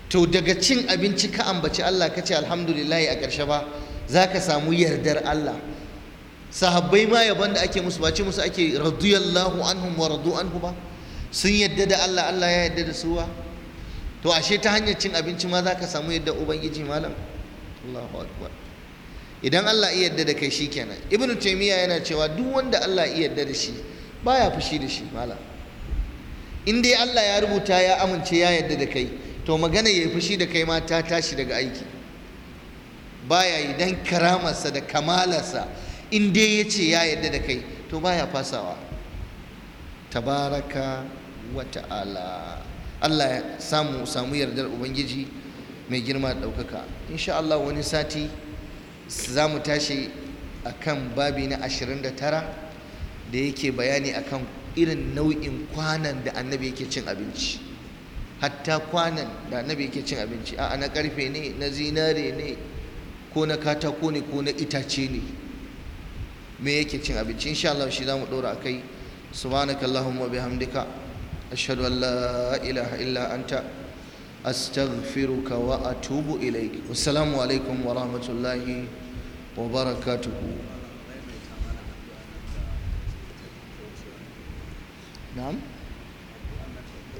to daga cin abinci ka ambaci Allah ka ce alhamdulillahi a ƙarshe ba za ka samu yardar Allah sahabbai ma yaban da ake musu ba ce musu ake radiyallahu anhum wa radu anhu ba sun yadda da Allah Allah ya yadda da su ba to ashe ta hanyar cin abinci ma za ka samu yadda ubangiji malam Allahu akbar idan Allah iya yadda da kai shikenan ibnu taymiya yana cewa duk wanda Allah iya yadda da shi baya fushi da shi malam in dai Allah ya rubuta ya amince ya yadda da kai to magana ya fushi da kai ma ta tashi daga aiki baya yi dan karamarsa da kamalarsa in dai ya ce ya yarda da kai to baya fasawa tabaraka wa ta'ala Allah ya samu samu yardar ubangiji mai girma da ɗaukaka insha Allah wani sati za mu tashi a kan babi na 29 da yake bayani akan irin nau'in kwanan da annabi yake cin abinci hatta kwanan da annabi yake cin abinci a'a na karfe ne na zinare ne ko na katako ne ko na itace ne me yake cin abinci insha Allah shi zamu dora akai subhanaka allahumma bihamdika ashhadu an la ilaha illa anta astaghfiruka wa atubu ilaik assalamu alaikum wa rahmatullahi wa barakatuh na'am